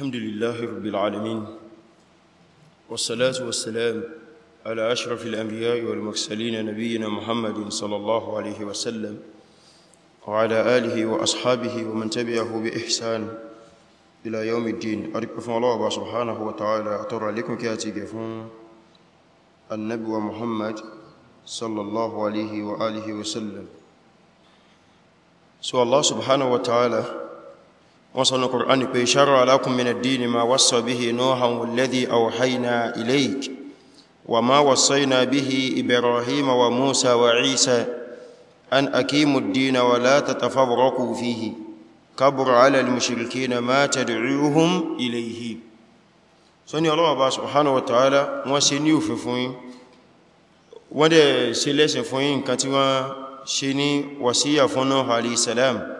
الحمد لله رب العالمين والصلاة والسلام على أشرف الأنبياء والمرسلين نبينا محمد صلى الله عليه وسلم وعلى آله وأصحابه ومن تبعه بإحسان إلى يوم الدين أرقف الله سبحانه وتعالى أترى لكم كاتي النبي محمد صلى الله عليه وآله وسلم سوى الله سبحانه وتعالى وصل القرآن كي شرع لكم من الدين ما وصى به نوحا والذي أوحينا إليك وما وصينا به إبراهيم وموسى وعيسى أن أكيموا الدين ولا تتفرقوا فيه كبر على المشركين ما تدعوهم إليه سني الله سبحانه وتعالى وسني وففوين ودى سلسفوين كتوا سني وسيا فنوح عليه السلام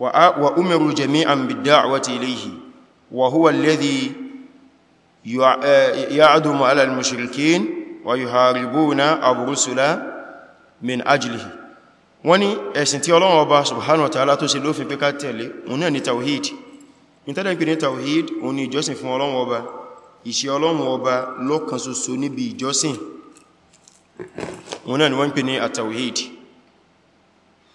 وأمروا جميعا بالدعوة إليه وهو الذي يعدم على المشركين ويحاربون الرسل من أجله wọ́n ní ẹ̀sìn tí Ọlọ́run Ọba subhanahu wa ta'ala tó ṣe lófin pé ká tẹ̀lé òun náà ni tawhid ìtẹ́lẹ̀ pé ní tawhid òun ni ìjọsìn fún Ọlọ́run Ọba ìṣe Ọlọ́run Ọba lọ́kan ṣoṣo níbi ìjọsìn òun náà ni wọ́n pè ní at-tawhid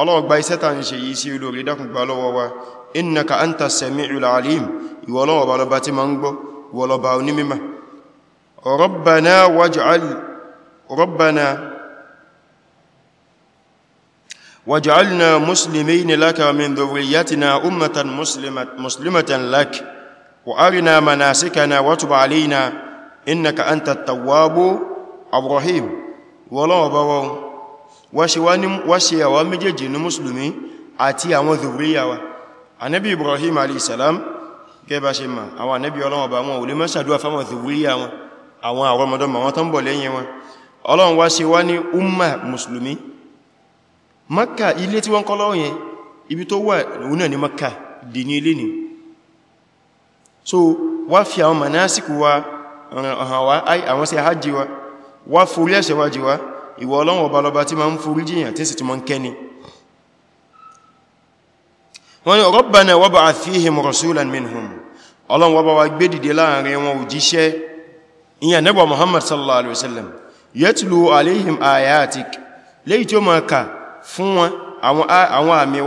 ọlọ́ọ̀gbà iṣẹ́ ta ń ṣe yìí sí olórí dákùngbà lọ́wọ́ wa innaka anta sami'ul alim ìwọlọ́wọ̀bá lọba tí ma ń gbọ́ wọlọba onímímà rabbana waj'al rabbana waj'alna muslimayni laka min dhurriyyatina ummatan muslimatan lak wa arina manasikana wa tub alayna innaka anta at-tawwabu ar-rahim wọlọ́wọ̀bá wọn wọ́n ṣe àwọn méjèèjì ní mùsùlùmí àti àwọn zurriyawa anábi ibrahim alaihissalam gẹ́bà ṣe ma àwọn anábi ọlọ́wọ́ bá wọn olè mẹ́sàdúwà fáwọn zurriyawa àwọn àrọmọdọ́mọ wọn tán bọ̀ lẹ́yìn wọn wa forí ẹ̀ṣẹ̀ ìwọ Ọlọ́run ọba lọba tí ma ń forí jìyàn tí sì ti mọ́ ń kẹ́ni wọ́n ni Rabbana wab'ath fihim rasulan minhum Ọlọ́run wọ́bá wa gbé dìde láàrin wọn òjíṣẹ́ ìyàn nẹ́bà Muhammad sallallahu alaihi wasallam yatlu alaihim ayatik léyìí tí ó ma ka fún wọn ní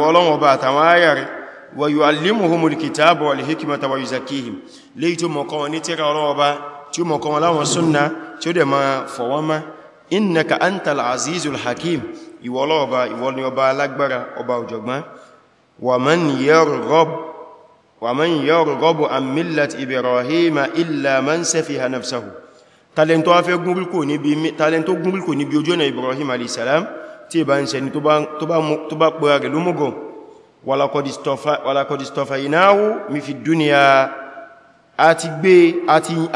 tírà Ọlọ́run ọba tí ó mọ̀ wọn láwọn súnnà tí ó dẹ̀ ma fọ̀wọ́n innaka antal azizul hakim ìwọ ọlọ́ọ̀ba ìwọ ni ọba alágbára ọba ọ̀jọ̀gbọ́n wa man yarghab wa man yarghabu an millat ibrahima illa man safiha nafsahu talento afẹ́ gúnbílkò níbi talento gúnbílkò níbi ojú ọ̀nà ibrahim alìsàlám tí bá ń sẹni tó bá pẹ̀rẹ̀ rẹ̀ lómúgọ̀ walaqad istafaynahu mi fi dunya àti gbé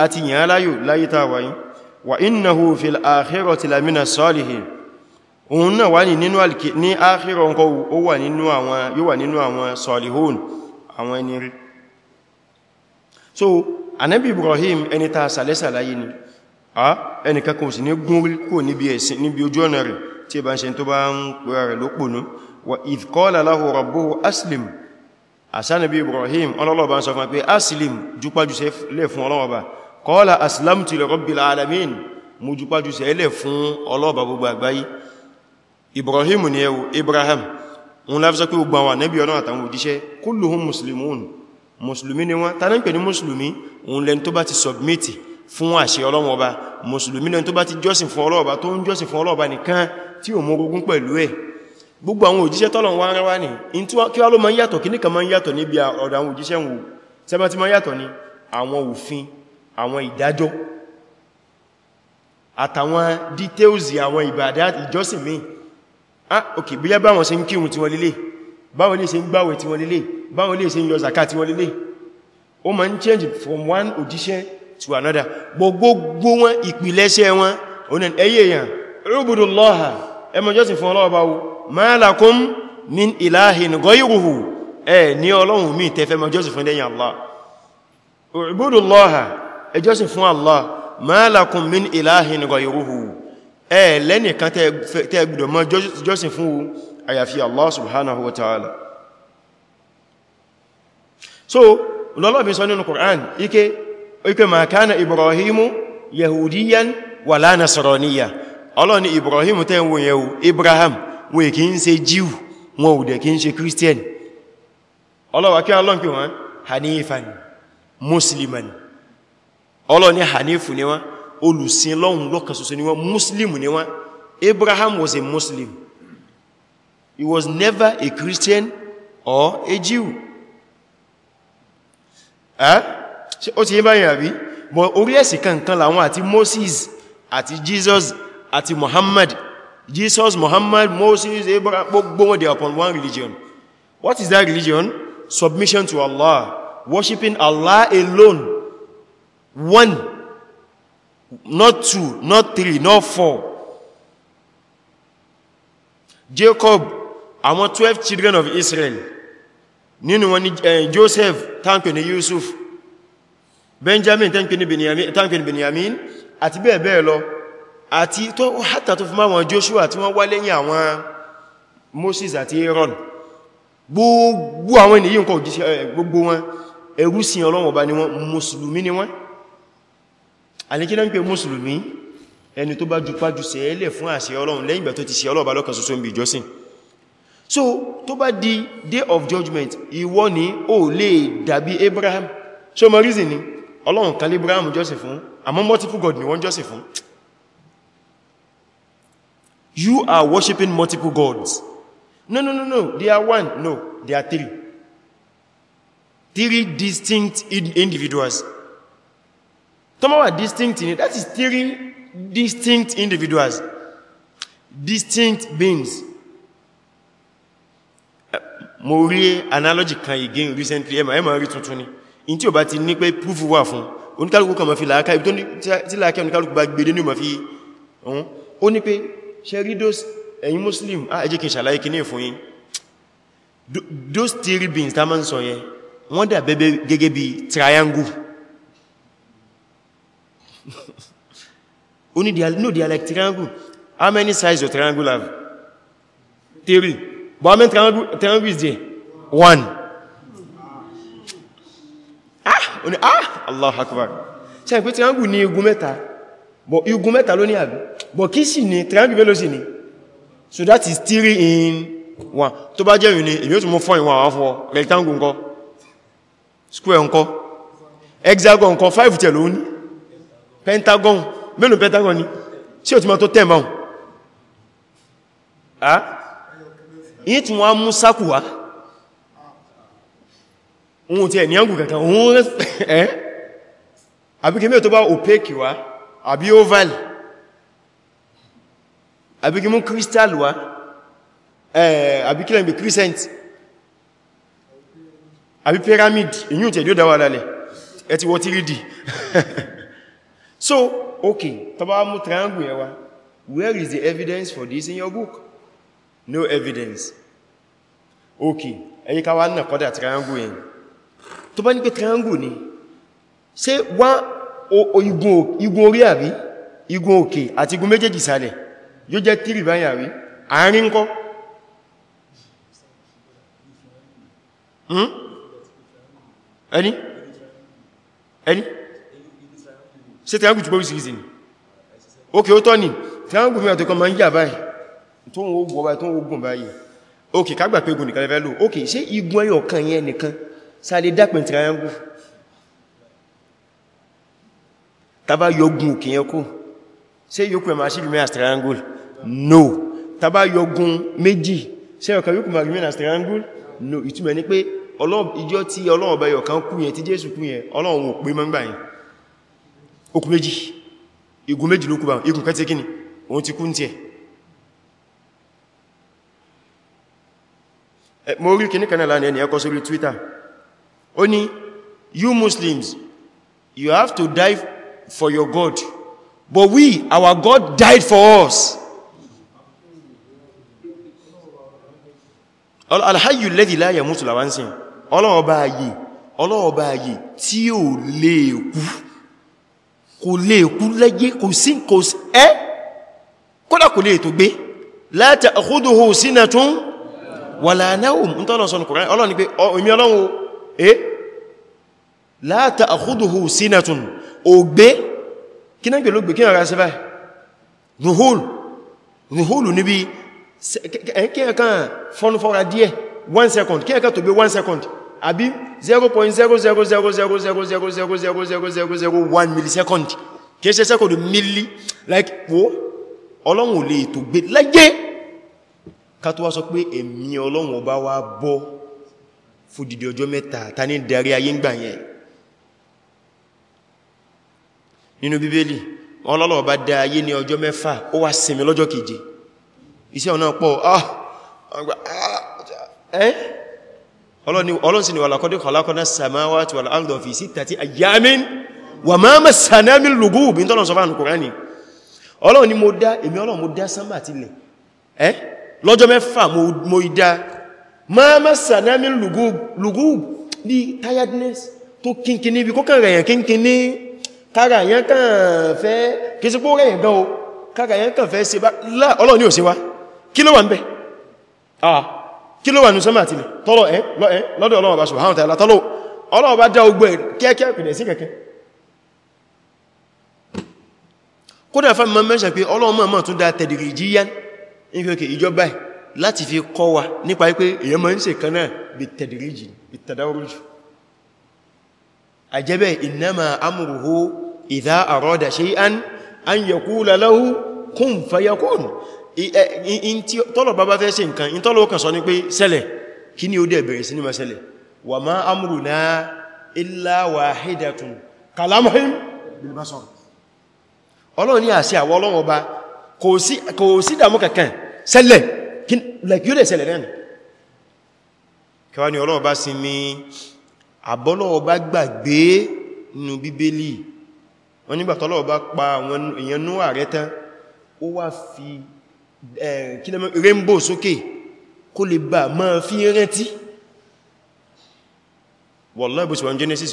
àti yàn láyò láyé wa innahu fil akhirati lamina salihin òun náà wà ní nínú alìkì ní áhírọ̀ ǹkọ́ ó wà nínú àwọn yóò wà nínú àwọn salihun àwọn ẹni rí so anabi ibrahim ẹni ta sàlẹ́sàláyé ni a ẹni kankan sí ní gún kò níbi ẹ̀sìn níbi ojú ọ̀nà kọ́lá aslamtu li rabbil alamin mú jùpájú sí ẹlẹ̀ fún ọlọ́ọ̀bà gbogbo àgbáyé ibrahim ni ẹwù ibrahim wọn láfisọ́ pé gbogbo àwọn ànábì ọ̀nà àtàwọn òjíṣẹ́ kulluhum muslimun musulmi ni wọ́n tàbí pẹ̀lú musulmi òun lẹni tó bá ti submit fún àṣẹ Ọlọ́run musulmi lẹni tó bá ti jọ́sìn fún Ọlọ́run tó ń jọ́sìn fún Ọlọ́run nìkan tí ò mọ́gógún pẹ̀lú ẹ̀ gbogbo àwọn òjíṣẹ́ tọ́lọ̀ wọ́n rán wá ní kí wá ló máa ń yàtọ̀ kí ní kan máa ń yàtọ̀ níbi àwọn òjíṣẹ́ wọn sẹ́bà máa yàtọ̀ ní àwọn òfin àwọn ìdájọ́ àtàwọn details àwọn ìbàdá ìjọsìn mi ah ok bí yá báwọn ṣe ń kírun tí wọ́n lélẹ̀ báwọn lè ṣe ń gbàwẹ̀ tí wọ́n lélẹ̀ báwọn lè ṣe ń yọ tí wọ́n lélẹ̀ ó ma ń change from one audition to another gbogbo wọn ìpìlẹ̀ṣẹ̀ wọn onan ẹyẹ èèyàn ubudullaha ẹmọ jọ́sìn fún Ọlọ́run báwo ma min ilahin ghayruhu ẹ ní mi tẹfẹ́ mọ jọ́sìn fún Allah ubudullaha ẹ jọ́sìn fún Allah ma lakum min ilahin ghayruhu ẹ lẹ́nìkan tẹ́ gbọ́dọ̀ mọ́ jọ́sìn fún àyàfi Allah subhanahu wa ta'ala so lọ́lọ́bí sọ nínú Qur'an ike ike ma kana Ibrahimu yahudiyan wala nasaraniya ọlọ́ni Ibrahimu tẹ́ wo yẹ̀wò Ibrahim wo kí ń ṣe Jew wọn ò dẹ̀ kí ń ṣe Christian ọlọ́wà kí alọ́nkí wọn hanifan musliman ọlọ́ hanifu ni wọ́n olùsìn lọ́hun lọ́kan ṣoṣo ni wọ́n muslim ni wọ́n abraham was a muslim he was never a christian or a jew ó ti yí báyìí àbí bọ̀ orí ẹ̀sìn kankan làwọn àti moses àti jesus àti muhammad jesus muhammad moses abraham gbogbo wọn they upon one religion what is that religion submission to allah worshiping allah alone one not two not three not four Jacob àwọn 12 children of Israel nínú wọn ni eh, Joseph tánkù ní Yusuf Benjamin tánkù ní Benjamin àti bẹ́ẹ̀ bẹ́ẹ̀ lọ àti tó hátà tó fi wọn Joshua tí wọ́n wá lẹ́yìn àwọn Moses àti Aaron gbogbo àwọn ènìyàn kọ̀ eh, gbogbo wọn ẹrú sí Ọlọ́run Ọba ni wọ́n mùsùlùmí ni wọ́n alìkínà ń pè mùsùlùmí ẹni tó bá jùpájù sẹ́ẹ̀lẹ̀ fún àṣẹ ọlọ́run lẹ́yìn ìgbà tó ti ṣe ọlọ́ọ̀bá lọ́kan ṣoṣo ń bí ìjọsìn so tó bá di day of judgment ìwọ ni ó lè dàbí Abraham so mọ reason ni ọlọ́run kan Abraham jọ́sìn fún àmọ́ multiple god ni wọ́n jọ́sìn fún you are worshiping multiple gods no no no no they are one no they are three three distinct individuals tọ́mọ́ wà distinct ni that is three distinct individuals distinct beings eh, mo rí analogy kan again recently ẹmà ẹmà rí tuntun ni in tí o bá ti ní pé proof wà fún oníkálùkù kan ma fi láàká ibi tí láàká oníkálùkù bá gbede ní o ma fi ọun ó ní pé sheridos ẹ̀yin muslim a ah, ẹjẹ́ kí n ṣàlàyé kí ní fún yín those three beings tá ma ń sọ yẹn wọ́n dà bẹ́bẹ́ gẹ́gẹ́ bí triangle Only the, no, they are like triangle. How many sides your triangle have? Three. But how many triangle, triangle is there? One. Ah, only, ah, Allah Akbar. Ṣé pé triangle ní igun mẹ́ta? But you mẹ́ta only ní But kí sì ni triangle below sì ni? So that is three in one. To bá you ìrìn, èmi ó tún mú fún ìwọ̀n àwọn fún rectangle ńkọ́, square ńkọ́, hexagon five tẹ̀ ló pentagon mélòó pentagon ni sí o ti ma tó tẹ́ mọ́ à yí tí wọ́n mú sákù wá ohun tí ẹ̀ ní ọgbù kankan ohun ẹ́ mẹ́ tó bá opaque wá àbí oval àbíkí mú crystal wá àbíkí crescent àbí pyramid ìyún tẹ̀ yóò dáwà lálẹ̀ ẹ ti wọ́ 3D so okay tọba mú triangle yẹn where is the evidence for this in your book no evidence okay ẹ̀yí ká wá náà kọ́dá triangle yẹn tó bá ní pé triangle ni ṣe wá igun orí àrí igun òkè àti igun méjèèjì sálẹ̀ yóò jẹ́ tírì báyìí àrí àárín ńkọ́ hmm? ẹni ẹni ṣe triangle jùgbọ́ ìsìnkìsì ni okay ó tọ́ ni triangle mìíràn tó kọ ma ń yà báyìí tó ń ogun ọba tó ń ogun báyìí okay kágbà pé igun nìkan lẹ́fẹ́ lò okay ṣe igun ẹyọ kan yẹn nìkan sáàlẹ̀ dápẹ̀ triangle tàbá yọgun òkè yẹn kó ṣe yókùn ẹ̀mà sí remain as triangle no tàbá yọgun méjì ṣe ọ̀kan yókùn ma remain as triangle no ìtumọ̀ ni pé ìjọ tí ọlọ́ọ̀bẹ̀yọ̀ kan kú yẹn tí Jésù kú yẹn ọlọ́run ò pé mọ́ngbà yẹn okùn méjì igun méjì ló kú bá igun kẹtẹ kíni òun ti kú ní tiẹ̀ mo rí kìní kanáà lánàá ẹni ẹkọ́ sórí Twitter ó ní you Muslims you have to die for your God but we our God died for us alhayu lẹ́dì láyẹ̀ mú tùlàwánsìn ọlọ́ọ̀bá ayé ọlọ́ọ̀bá ayé tí ò lè kú kò lè kú lẹ́yé kò sí kò ẹ́ kódà kò lè tó gbé la ta'khuduhu sinatun wala nawm ń tọ́lọ̀ sọ́nà kòrán ọlọ́ni pé omi ọlọ́run eh la ta'khuduhu sinatun ò gbé kí náà gbé ló gbé kí náà rásífà ruhul ruhul níbi kí ẹ̀kan díẹ̀ one second kí ẹ̀kan tó gbé one second àbí 0.00000000001 millisecond kìí ṣe second milli like wo ọlọ́run ò lè tó gbé láyé ká tó wá sọ pé ẹ̀mí ọlọ́run ọba wá bọ́ fòdìdì ọjọ́ mẹ́ta ta ní darí ayé ń gbà yẹn nínú bíbélì ọlọ́run ọba dá ayé ní ọjọ́ mẹ́fà ó wá sinmi lọ́jọ́ keje iṣẹ́ ọ̀nà pọ̀ ah eh ọlọ́run ni walaqad khalaqna as-samawati wal arda fi sittati ayyamin wa ma massana min lughub bí tọ́lọ̀ sọ fánù kòránì ọlọ́run ni mo dá èmi ọlọ́run mo dá sánmà àti ilẹ̀ ẹ́ lọ́jọ́ mẹ́fà mo ìdá ma massana tiredness tó kínkín níbi kó kàn rẹ̀yàn kínkín ní kára yẹn kàn fẹ́ kí sí pó rẹ̀yàn gan o kára yẹn kàn fẹ́ ṣe ah kí ló wà ní sọ́mà àtìlẹ̀ tọ́lọ̀ ẹ́ lọ́dọ̀ ọlọ́wọ̀ bá ṣùgbọ́n tààlà tọ́lọ̀ ọlọ́wọ̀ bá dá ogbẹ̀ kẹ́kẹ́ pìdẹ̀ sí kẹ́kẹ́ kódà fún ma mẹ́ṣẹ̀ pé ọlọ́wọ̀ tún dá tadrijiyan ìjọba láti fi kọ́ wa nípa pé èèyàn máa ń ṣe kan náà bí tadriji bí tadarruj àjẹ́bẹ̀ innama amruhu idha arada shay'an an yaqula tọ́lọ̀ bá bá fẹ́ ṣe nǹkan in tọ́lọ̀ kan sọ ní pé ṣẹlẹ̀ kí ni ó dẹ̀ bẹ̀rẹ̀ sí ní ma ṣẹlẹ̀ wa ma amruna illa wahidatun kalamhim bilbasar ọlọ́run ní àṣẹ àwọ ọlọ́run ọba kò sí dàmú kankan ṣẹlẹ̀ yóò dẹ̀ ṣẹlẹ̀ rẹ̀ kẹwàá ni ọlọ́run bá sinmi àbọ́lọ́run bá gbàgbé nínú bíbélì wọ́n nígbàtọ́lọ́run bá pa àwọn èèyàn Nóà rẹ́ tán ó wá fi Eh, rainbow sókè kó lè bá ma fi rántí wallahi bó ṣe wọ́n genesis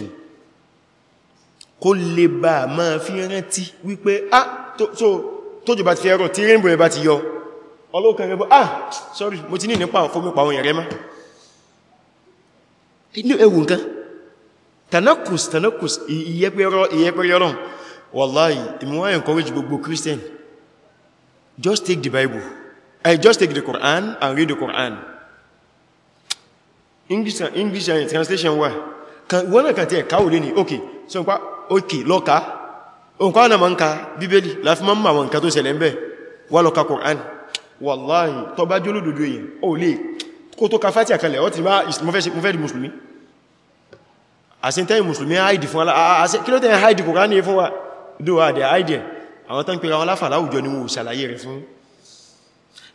kó lè bá ma fi rántí wípé ah tó jù bá ti fi ẹ̀rọ tí rainbow ẹ bá ti yọ ọlọ́kan rainbow ah sorry mo ti ní nípa fómípa àwọn ìrẹ́má inú ẹwù nǹkan tanakus tanakus ìyẹ́pẹ̀rẹ̀ ọlọ́run wallahi ìmúwáyẹ̀ encourage gbogbo christian just take the Bible. I eh, just take the Quran and read the Quran. English, English translation wà. Wọ́n náà kàn tí ẹ̀ká e wò lé ní, okay, so nkwá, okay, lọ́ka. Nkwá náà ma ń ka Bíbélì, láti máa ń ma wọn nǹkan tó ṣẹlẹ̀ ń bẹ̀, wà lọ́ka Quran. Wallahi, tó bá jóló dòdó èyàn, ó lè, kó tó ka fàtí àkalẹ̀, ó ti bá ìsìnmọ́fẹ́dì Mùsùlùmí. Àṣíntẹ́yìn Mùsùlùmí, ni fún wa, do wa de tẹ́ àwọn tán pèrè àwọn láfà láwùjọ ni wọ́n ṣàlàyé rẹ̀ fún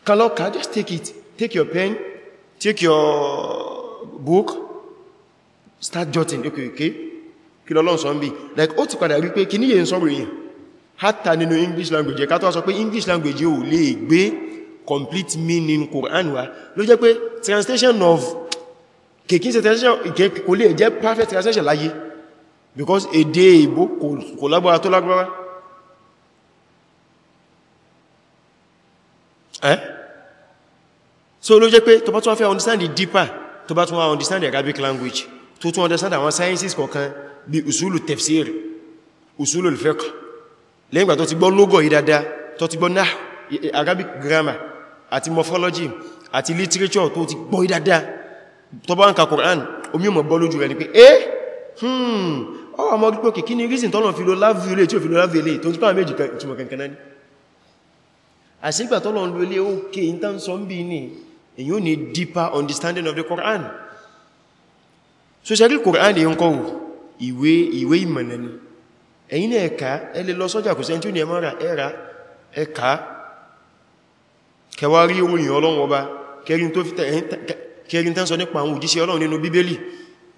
kalọ́ka just take it take your pen take your book start jotting okay okay kí lọ́lọ́ sọ ń bí like ó ti padà rí pé kí ní yẹn sọ́rọ̀ èyàn hátà nínú english language ẹ̀ká tó sọ pé english language ò lè gbé complete meaning Quran wa ló jẹ́ pé translation of kèkín translation kò lè jẹ́ perfect translation láyé because èdè ìbò kò lágbára tó lágbára eh so ló jẹ́ pé tó bá tún fẹ́ understand the deeper tó bá tún wá understand the Arabic language tó tún understand àwọn sciences kọ̀ọ̀kan bí usulu tafsir usulu al-fiqh lẹ́yìn gbà ti gbọ́ logo yìí dáadáa tó ti gbọ́ nah Arabic grammar ati morphology ati literature tó ti gbọ́ yìí dáadáa tó bá ń ka Quran omi mọ̀ bọ́ lójú rẹ̀ ni pe eh hmm ọwọ́ ọmọ gbígbókè kí ni reason tọ́lọ̀ fi lo love village tí ò fi lo love village tó ń pàmẹ́jì ìtumọ̀ kankanáà ni àṣígbà tó lọ ń lulé ókè in tán sọ ń bí ní èyí ò ní deeper understanding of the Quran so ṣe rí Quran èyí ń kọ́ ìwé ìwé ìmọ̀nà ni èyí ní ẹ̀ka ẹlẹ́ lọ sọ́jà kò sẹ́ntí ní ẹmọ́ra ẹ̀ra ẹ̀ka kẹwàá rí orin Ọlọ́run ọba kẹrin tán sọ nípa àwọn òjíṣẹ́ Ọlọ́run nínú Bíbélì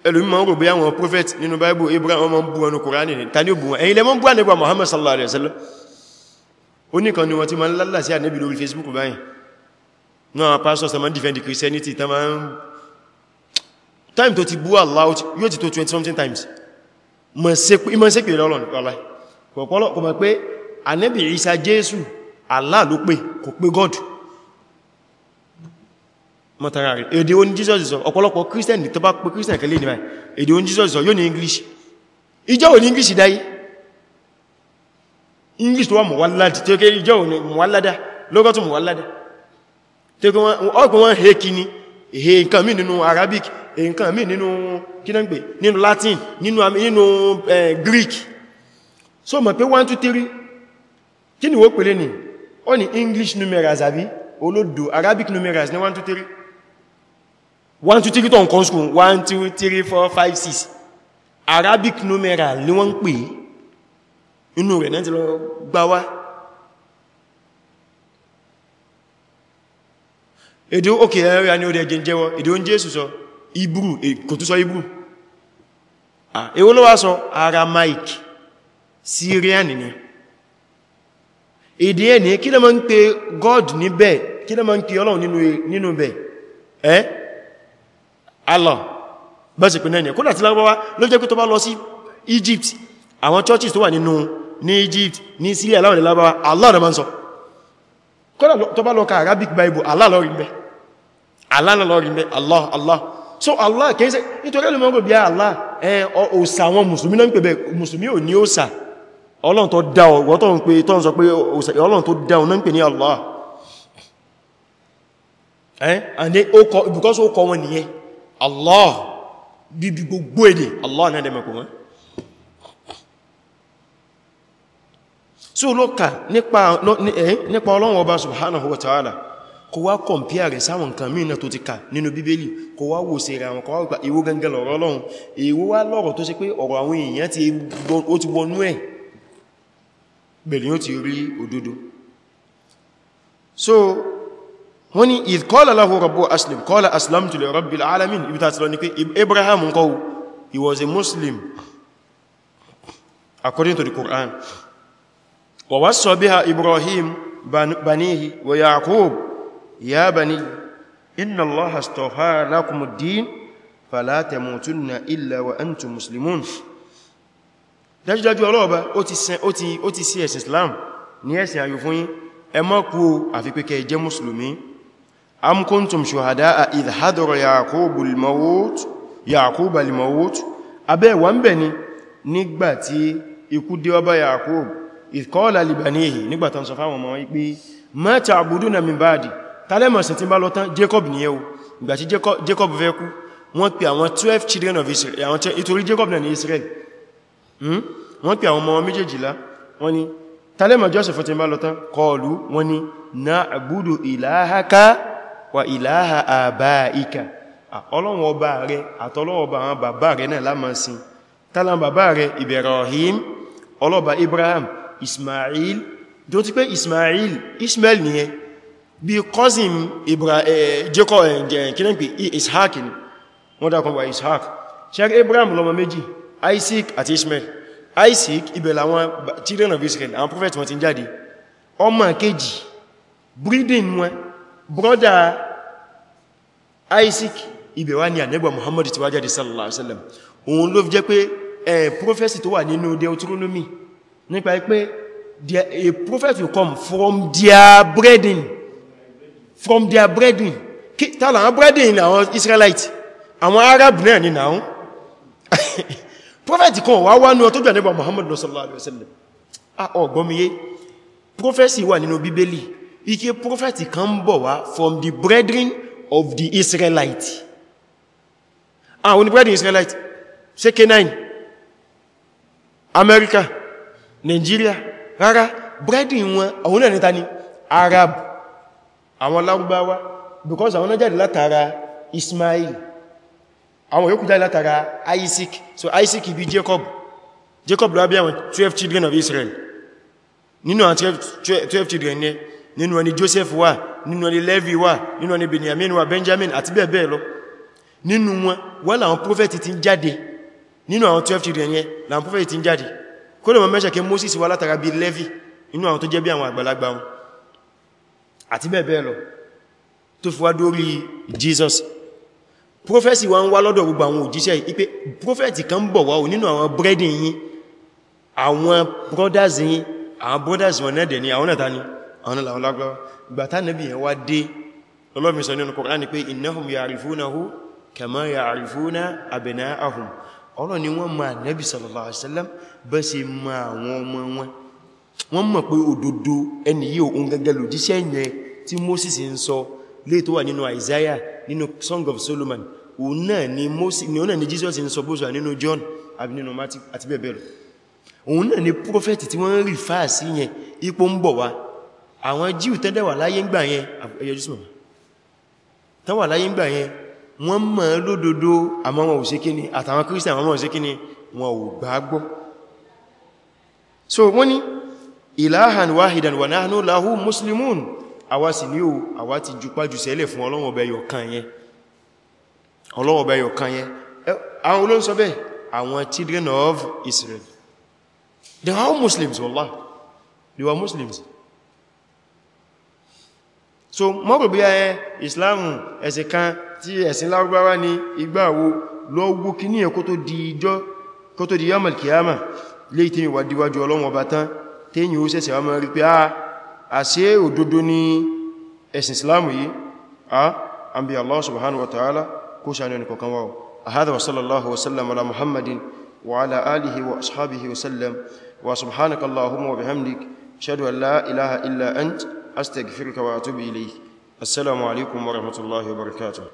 ẹlòmí ma ń rò bí àwọn prophet nínú Bible Abraham ọmọ ń bú ọnù Quran ní tani ó bú wọn èyí lẹ́mọ́ ń bú ànẹ́gbà Muhammad sallallahu alaihi wasallam oníkan ni wọ́n ti ma ń lálà sí ànẹ́bì lórí Facebook báyìí náà pastor, ta ma ń Christianity ta ma ń time tó ti bú Allah yóò ti tó 20 something times ìmọ̀ sí pé lọ́lọ́n kọ̀pọ̀lọ́ kò mọ̀ pé ànẹ́bì Ìsá Jésù Allah ló pè kò pé God mọ̀tàrà rẹ̀ èdè oní Jesus sọ ọ̀pọ̀lọpọ̀ Christian tó bá pé Christian kẹlẹ́ ìdíwáyì èdè oní Jesus sọ yóò ní English ìjọ́ òní English dáyìí english tó wà mọ̀wáládì tí ó kéré jẹ́ òní mọ̀wáládá lọ́gọ́tù mọ̀wáládá tí ó kí ọgbọ̀n wọn he kí ni he nǹkan mí nínú arabic he nǹkan mí nínú kínàgbé nínú latin nínú greek so mọ̀ pé 123 kí ni wó pèlé ni ó ní english numerals àbí olódò arabic numerals ní 123 123 tó ń kọ́ school 1 2 3 4 5 arabic numeral ni wọ́n ń pè inú rẹ̀ náà ti lọ gbá wá èdè òkè ẹ̀rẹ́ ni ó dẹ̀ jẹ jẹ́wọ́ èdè oúnjẹ èsù sọ ibru e, kò tún sọ ibru èwo ló wá sọ Aramaic Syrian ni èdè ẹni kí ló máa ń pe God níbẹ̀ kí ló máa ń pe Ọlọ́run nínú bẹ̀ ẹ́ Allah bẹ́sì pínlẹ̀ ní kó láti lágbọ́wá ló jẹ́ pé tó bá lọ sí Egypt àwọn churches tó wà nínú ní Egypt ní Syria láwọn ìlàbáwá Allah na ma ń sọ kọ́nà tó bá lọ ka Arabic Bible Allah lọ so Allah kẹsẹ̀ nítorí ẹlùmọ́ gbò bí i ah, Allah ẹ òsà àwọn mùsùlùmí náà ń pè bẹ́ mùsùlùmí ò ní òsà Ọlọ́run tó dá ọ̀wọ́ tó ń pè tó ń sọ pé Allah eh and because ó kọ Allah bí gbogbo èdè Allah náà dẹ̀mẹ̀kùn so ló kà eh, nípa ọlọ́run ọba subhanahu wa ta'ala kò wá kọmpíà rẹ̀ sáwọn nǹkan mìíràn tó ti kà nínú bíbélì kò wá wò sí ra wọn kò wá gbà ìwó gangan lọ̀rọ̀ ọlọ́run ìwó wá lọ́rọ̀ tó ṣe pé ọ̀rọ̀ àwọn èèyàn tí ó ti wọnú ẹ̀ bẹ̀lú yóò ti rí òdodo so wọ́n ni idh alamin ibi ta ti lọ Abraham he was a Muslim according to the Quran ووصى بها إبراهيم بنيه ويعقوب يا بني إن الله استغفر لكم الدين فلا تموتن إلا وأنتم مسلمون dájúdájú ọlọ́ọ̀bá ó ti sí ẹ̀sìn Islam ní ẹ̀sìn ayò fún yín ẹ má kú àfi pé kẹ́ jẹ́ mùsùlùmí am kuntum shuhadaa idh hadara Yaqubul mawt Yaqubal mawt abẹ́ wà bẹ̀ ni nígbàtí ikú dé ọba Yaqub ìkọ́ọ̀lá libaníhì nígbàtàn sọ fáwọn ọmọ wípé mẹ́ta àbúdó na mìbáàdì tálẹ́mọ̀sìn tí bá lọ tán Jacob ní ẹwù ìgbàtí Jacob fẹ́ kú wọ́n pè àwọn 12 children of Israel àwọn ìtorí Jacob náà ní Israel hmm? wọ́n pè àwọn ọmọ méjèjìlá wọ́n ní tálẹ́mọ̀ Joseph tí bá lọ tán kọlu wọ́n na wa ìlàáha àbáìka ọlọ́ba Ibrahim Ismail tó ti pé Ismail Ismail nìyẹn bí cousin eh, Jacob eh, kílẹ̀ pé Ishaq ni wọ́n dákan wà Ishaq ṣẹ́rẹ́ Abraham lọ́mọ méjì Isaac àti Ismail Isaac ibẹ̀ làwọn children of Israel àwọn prophet wọn ti ń jáde ọmọ kejì breeding wọn brother Isaac ibẹ̀ wá ní ànẹ́gbà Muhammad ti wá sallallahu alaihi wasallam òun ló fi jẹ́ pé eh, prophecy tó wà nínú Deuteronomy nípa pé a prophet will come from their breeding from their breeding kí tààlà àwọn breeding àwọn Israelite àwọn Arab náà ní náà prophet kan wà wá ní ọtọ́ jù àníbà Muhammad sallallahu alaihi wasallam a ah, ọgbọ́mìyé prophecy wà nínú bíbélì ike prophet kan bọ̀ wá from the breeding of the Israelite ah, àwọn breeding Israelite ṣe America Nigeria rárá búrẹ́dì wọn àwọn náà níta ni Arab àwọn Lárúbáwá because àwọn náà jáde látara Ismail àwọn yòókù jáde látara Isaac so Isaac bí Jacob Jacob ló bí àwọn 12 children of Israel nínú àwọn 12 children ní nínú wọn ni Joseph wà nínú wọn ni Levi wà nínú wọn ni Benjamin wà Benjamin àti bẹ́ẹ̀ bẹ́ẹ̀ lọ nínú wọn wọ́n làwọn prophet ti ń jáde nínú àwọn 12 children yẹn làwọn prophet ti ń jáde kó lè mọ̀ mẹ́ṣẹ̀kẹ́ Moses wà látara bí Levi inú àwọn tó jẹ́ bí àwọn àgbàlagbà wọn àti bẹ́ẹ̀ bẹ́ẹ̀ lọ tó fi wá dórí Jesus prophecy wa ń wá lọ́dọ̀ gbogbo àwọn òjíṣẹ́ ipé prophet kan bọ̀ wá o nínú àwọn brethren yín àwọn ọ̀rọ̀ ni wọ́n ma nẹ́bí sallallahu alaihi wasallam bẹ́ sí ma àwọn ọmọ wọn wọ́n mọ̀ pé òdodo ẹni yíò oun gẹ́gẹ́ lòdíṣẹ́ yẹn tí Moses ń sọ lè tó wà nínú Isaiah nínú Song of Solomon òun náà ni Moses ni òun náà ni Jesus ń sọ bóṣà nínú John àbí nínú Matthew àti bẹ́ẹ̀ bẹ́ẹ̀ lọ òun náà ni prophet tí wọ́n rí fáà sí yẹn ipò ń bọ̀ wá àwọn Jíù tẹ́dẹ̀ wà láyé ń gbà yẹn wọ́n mọ̀ lódodo àmọ́ wọn àtàwọn kírísítà wọn ò ṣe kíní wọn ò so wọ́n ni ilahan wahidan wa nahnu lahu muslimun àwa sì ní o àwa ti jùpájù sẹ́lẹ̀ fún Ọlọ́run ọba children of Israel they are Muslims wallah they were Muslims so mọ́rùn kan tí ẹ̀sìn lárúbáwá ni ìgbàwo lọ wó kí ní ẹkó tó di ìjọ́ kó tó di yamal kiyama lè tí wà díwájú ọlọ́wọ̀n ọba tán tẹ́yìn ó sẹ́sẹ̀ wọ́n rí pé a àṣẹ òdodo ní ẹ̀sìn islam yìí a an bí allah subhanahu wa ta'ala kó